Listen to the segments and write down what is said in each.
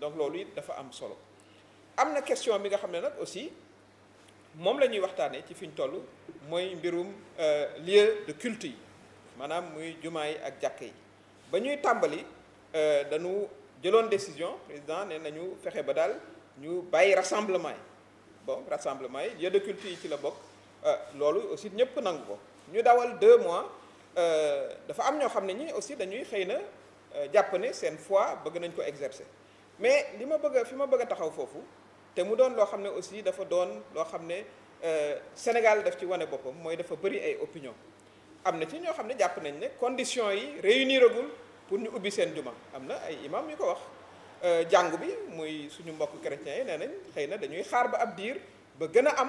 donc l'oluit dafa solo am question aussi Mom la ñuy ci fiñ je moy mbirum euh, lieu de culte Manam muy ak euh, décision président né nañu ba ñu rassemblement bon rassemblement lieu de culte ci euh, loolu aussi ñëpp nang ko ñu dawal 2 mois euh dafa am ño xam ñi aussi dañuy xeyna na euh, jàpp ne seen foi bëgg nañ ko exercer mais lima bëgg a bëgg taxaw fofu té mu doon lo xam aussi dafa doon lo xam euh Sénégal daf ci wone bopam moy dafa bëri ay opinion amna ci ño xam japp nañ ne condition yi réuniragul pour ñu ubbi sen juma amna ay imam yu ko wax euh jàngu bi muy suñu mbokk chrétien yi nee nañ xëy dañuy xaar ba ab dir ba gëna am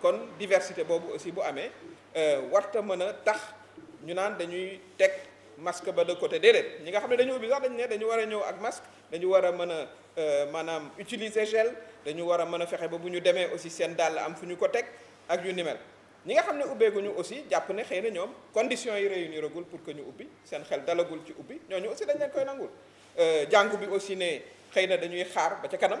kon diversité bobu aussi bu amé euh warta mëna tax ñu naan dañuy tek masque ba de côté déedéet ñi nga xamné dañu ubi sax dañ né dañu wara ñëw ak masque dañu wara mëna euh manam utiliser gel dañu wara mëna fexé ba bu ñu demee aussi seen dàll am fuñu ko tek ak yu nimel ñi nga xamné ne guñu aussi japp né xeyna ñom condition conditions yi réuniragul pour que ñu ubi sen xel dalagul ci ubi ñoñu aussi dañ leen koy nangul euh jàngu bi aussi né xeyna dañuy xaar ba ca kanam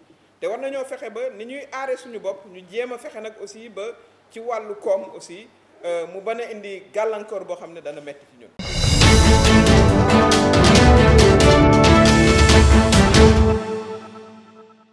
te war nañoo fexe ba ni ñuy aare suñu bopp ñu jéem a fexe nag aussi ba ci wàllu koom aussi euh, mu bañ a indi gàllankoor boo xam ne dana metti ci ñun